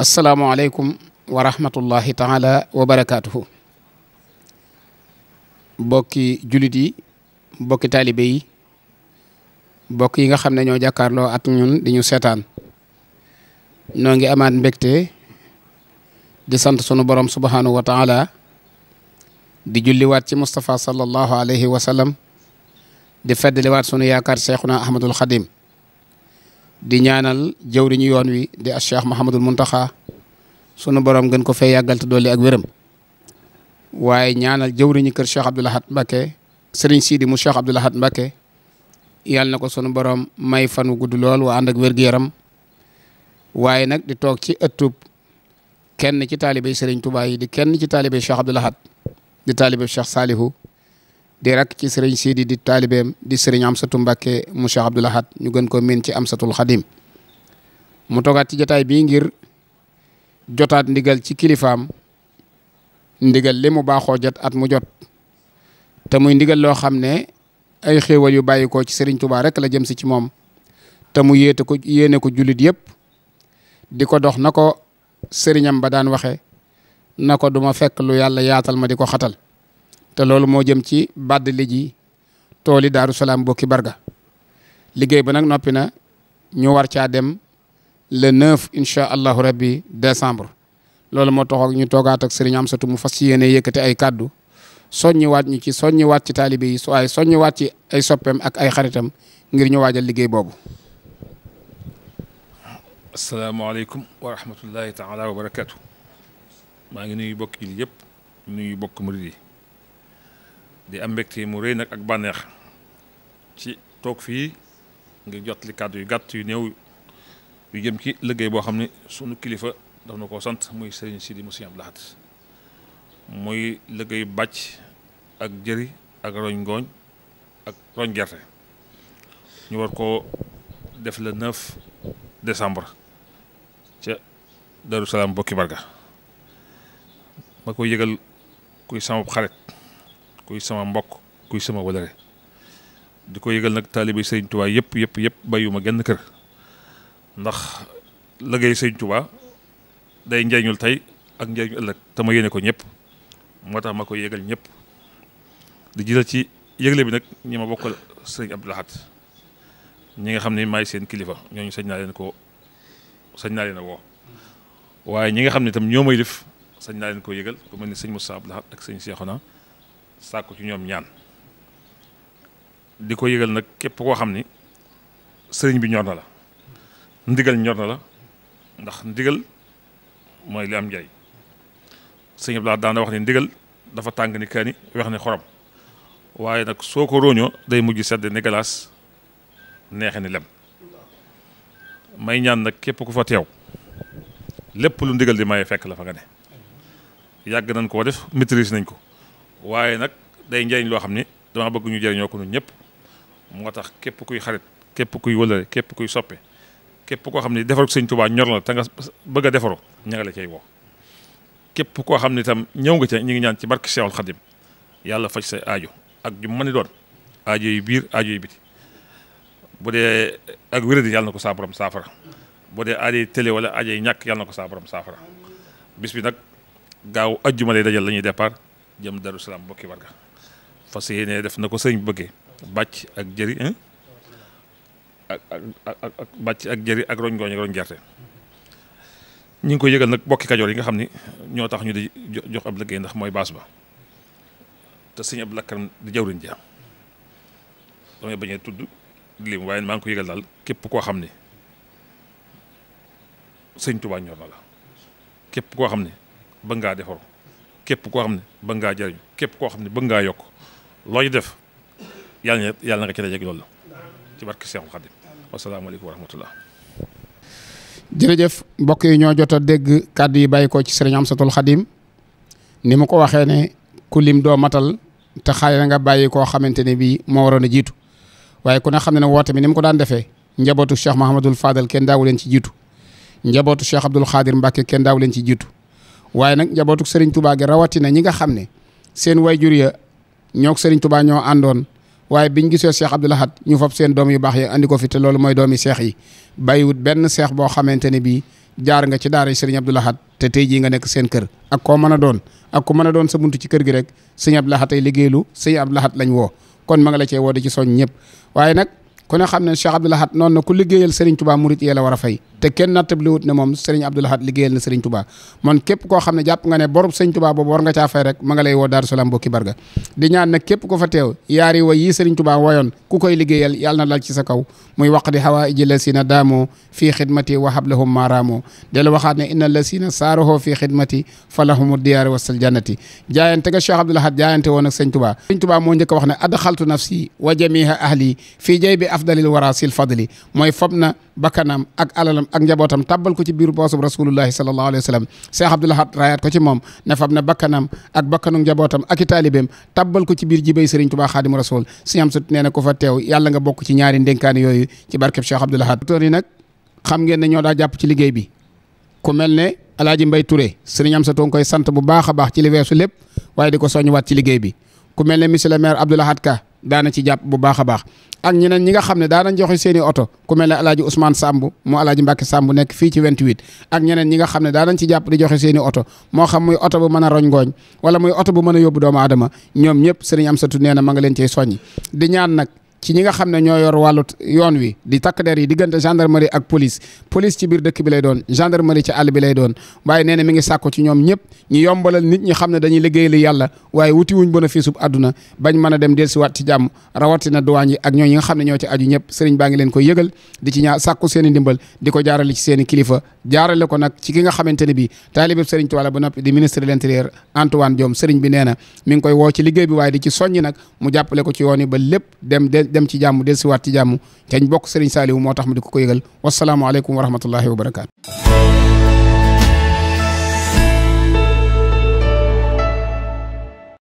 asalaamualeykum wa rahmatullahi taala wa barakaatuhu bokki julit yi bokki taalibe yi yi nga xam ne ñoo jàkkaarloo ak ñun di ñu seetaan noo ngi amaat mbégte di sant sunu borom subhanahu wa taala di julliwaat ci Moustapha sallallahu alayhi wa sallam di feddaliwaat sunu yaakaar Cheikhuna Ahmadul Xadim di ñaanal jëwriñu yoon wi di as cheikh Mouhamadul Mountakha sunu borom gën ko fee yàggal te dolli ak wéram waaye ñaanal jëwriñu kër cheikh Abdoul Ahad Mbacké sëriñ Sidi mu cheikh Abdoul Ahad Mbacké na ko sunu borom may fan wu gudd lool waa ànd ak wér yaram waaye nag di toog ci atub kenn ci taalibe sëriñ Touba yi di kenn ci taalibe cheikh Abdoul Ahad di taalibe cheikh Salihu di rak ci sëriñ Sidi di taalibeem di sëriñ Amsatu Mbàkke mu Cheikh Abdoul Ahad ñu gën ko miin ci Amsatul Xadim mu togaat ci jataay bii ngir jotaat ndigal ci kilifaam ndigal li mu baaxoo jot at mu jot te muy ndigal loo xam ne ay xéewal yu bàyyi ko ci sëriñ Touba rek la jëm si ci moom te mu yéete ko yéene ko julit yëpp di ko dox na ko sëriñam ba daan waxe na ko duma fekk lu yàlla yaatal ma di ko xatal te loolu moo jëm ci bàdd li ji tooli daaru salaam bokki barga liggéey ba nag noppi na ñu war caa dem le 9 incha allahu rabbi décembre loolu moo tax ak ñu toogaat ak am Amsatu mu fas yéene yëkkati ay kàddu soññiwaat ñu ci soññiwaat ci taalibe yi waaye soññiwaat ci ay soppeem ak ay xaritam ngir ñu waajal liggéey boobu. asalaamaaleykum wa rahmatullahi maa ngi nuyu bokk jullit yëpp di am mbégte mu rëy nag ak bànneex ci toog fii ngir jotli kàddu yu gàtt yu néew yu jëm ci liggéey boo xam ne sunu kilifa daf na koo sant muy sëriñ Sidi Moussa Abdou Lahad muy liggéey bàcc ak jëri ak roñ ngooñ ak roñ gerte ñu war koo def le 9 décembre ca Darou Salaam bokki barga ma koy yëgal kuy samab xarit kuy sama mbokk kuy sama walare di ko yëgal nag taalibe sëriñ Tuubaa yëpp yëpp bayu ma genn kër ndax liggéey sëriñ Tuubaa day njariñul tey ak njariñu ëllëg te ma yéene ko ñëpp moo tax ma ko yégal ñëpp di jiital ci yëgle bi nag ñi ma bokkal sëriñ Abdou Lahad ñi nga xam ne maay seen kilifa ñooñu sañ naa leen ko sañ naa leen a woo waaye ñi nga xam ne tam ñoo may def sañ naa leen ko yëgal ku mel ni sëñ Moussa Abdou Lahad ak sëñ Cheikhouna sàkku ci ñoom ñaan di ko yëgal nag képp koo xam ni sëriñ bi ñor na la ndigal ñor na la ndax ndigal mooy li am njariñ sëñ bi laa daana wax ni ndigal dafa tàng ni kaani weex ni xorom waaye nag soo ko roñoo day mujj sedd ni galaas neexe ni lem may ñaan nag képp ku fa teew lépp lu ndigal di maye fekk la fa nga ne yàgg nañ koo def maîtrise nañ ko waaye nag day njëriñ loo xam ni dama bëgg ñu jëriñoo ko ñun ñëpp moo tax képp kuy xarit képp kuy wëlale képp kuy soppe képp koo xam ne defaru sëñ Tuubaa ñor la te nga bëgg a defaru ña nga la cay woo képp koo xam ne itam ñëw nga ca ñu ngi ñaan ci barke Seexul Xadim yàlla faj sa ajo ak ju mën a doon ajo yi biir aajo yu biti bu dee ak wéradi yàlla na ko saa saafara bu dee aajo yi télé wala ajo yi ñàkk yàlla ko saa borom saafara bis bi nag gaaw ajjuma lay dajal la ñuy départ jëm Darou Salaam bokki warga fas yéene def na ko sëñ bëggee bàcc ak jëri ak bàcc ak jëri ak roñ gooñ ak roñ gerte ñu ngi koy yëgal nag bokki kajoor yi nga xam ni ñoo tax ñu di jox ab liggéey ndax mooy baas ba te sëñ ab lakkan di jawriñ ja damay bañee tudd lim waaye maa ngi ko yëgal daal képp koo xam ni sëñ Tuubaa ñor na la képp koo xam ne bëgg ngaa defaru képp koo xam ne bëgg ngaa jëriñ képp koo xam ne bëgg ngaa yokk looy def yàlla na yàlla na nga ci dajeeg loolu ci barke Seexu Xaadim wasalaamaaleykum wa jërëjëf mbokk yi ñoo jot dégg kàddu yi bàyyi ko ci sëriñ Amsatul Xaadim ni mu ko waxee ne ku lim doo matal te xaale na nga bàyyi koo xamante ne bii moo waroon a jiitu waaye ku ne xam ne ne woote bi ni mu ko daan defee njabootu Cheikh Mahamadul Fadal kenn daawu leen ci jiitu njabootu Cheikh Abdoul Xaadir Mbàkke kenn daawu leen ci jiitu waaye nag njabootuk Serigne Touba gi rawatina ñi nga xam ne seen jur ya ñoog Serigne Touba ñoo àndoon waaye biñ gisee Cheikh Abdoul Ahad ñu fab seen doom yu baax ya andi ko fi te loolu mooy doom yi seex yi bàyyiwut benn seex boo xamante ne bii jaar nga ci daara Serigne Abdoul Ahad te tey jii nga nekk seen kër ak koo mën a doon ak ku mën a doon sa muntu ci kër gi rek sëñ laxat Ahad liggéey lu sëñ Abdoul Ahad lañ woo kon ma la cee woo de ci soñ ñëpp waaye nag ku ne xam ne Cheikh Abdoul Ahad noonu na ku liggéeyal Serigne Touba murit yee la war fay te kenn nattab liwut ne moom sëriñ Abdou Lahad liggéeyal na sëriñ Touba mon képp koo xam ne jàpp nga ne borub sëriñ Touba boobu war nga caa fay rek ma nga lay woo Daaru Salaam bokki barga di ñaan nag képp ko fa teew yaari way yi sëriñ Touba wayoon ku koy liggéeyal yàlla na lal ci sa kaw muy waq di hawaaiji lasina daamoo fii xidmati wa hablahum maaraamoo dellu waxaat ne inna lasina saarahoo fii xidmati falahumu diyaari wasal jannati jaayante ga Cheikh Abdou woon ak sëriñ Touba sëriñ Touba moo njëkk wax ne adxaltu nafsi wa jamiha ahli fii bakkanam ak alalam ak njabootam tabbal ko ci biir boosub rasulullahi sallallahu alayhi wa sallam Cheikh Abdoul Ahad ko ci moom ne na bakkanam ak bakkanu njabootam ak i taalibeem tabbal ko ci biir jibéy Sëriñ Tuubaa Xaadimu Rasuul si am sut nee na fa teew yàlla nga bokk ci ñaari ndénkaan yooyu ci barkeb Cheikh Abdoul Ahad docteur jàpp ci liggéey bi ku mel ne Alaaji Mbay Touré sëriñ am sa toon koy sant bu baax a baax ci li lépp waaye di ko soññuwaat ci liggéey bi ku mel ne monsieur le maire Ka daana ci jàpp bu baax a baax ak ñeneen ñi nga xam ne daanañ joxe seeni oto ku mel ne alaaji Ousmane Samb mu alaaji Mbàkke Samb nekk fii ci 28 ak ñeneen ñi nga xam ne daanañ ci jàpp di joxe seen oto moo xam muy oto bu mën a roñ ngooñ wala muy oto bu mën a yóbbu doomu aadama ñoom ñëpp sëriñ Amsatu nee na ma nga leen cey soññ di ñaan nag ci ñi nga xam ne ñoo yor wàllu yoon wi di takk der yi diggante gendarmerie ak police police ci biir dëkk bi lay doon gendarmerie ci àll bi lay doon waaye nee na mi ngi sàkku ci ñoom ñëpp ñu yombalal nit ñi xam ne dañu liggéey li yàlla waaye wuti wuñ bénéfice bu àdduna bañ mën a dem dellusiwaat ci jàmm rawatina douane yi ak ñoo ñi nga xam ne ñoo ci aju ñëpp sëriñ baa ngi leen koy yëgal di ci ñaa sàkku seen i ndimbal di ko jaarale ci seen i kilifa jaarale ne bi taalibeb ba noppi di ministre de l'intérieur Antoine Diome sëriñ bi nee na mi ngi koy woo ci liggéey bi waaye dem ci jàmm dellusiwaat ci jàmm cañ bokk Serigne Saliou moo tax ma di ko ko yëgal wasalaamualeykum wa rahmatullahi wa barakaatu.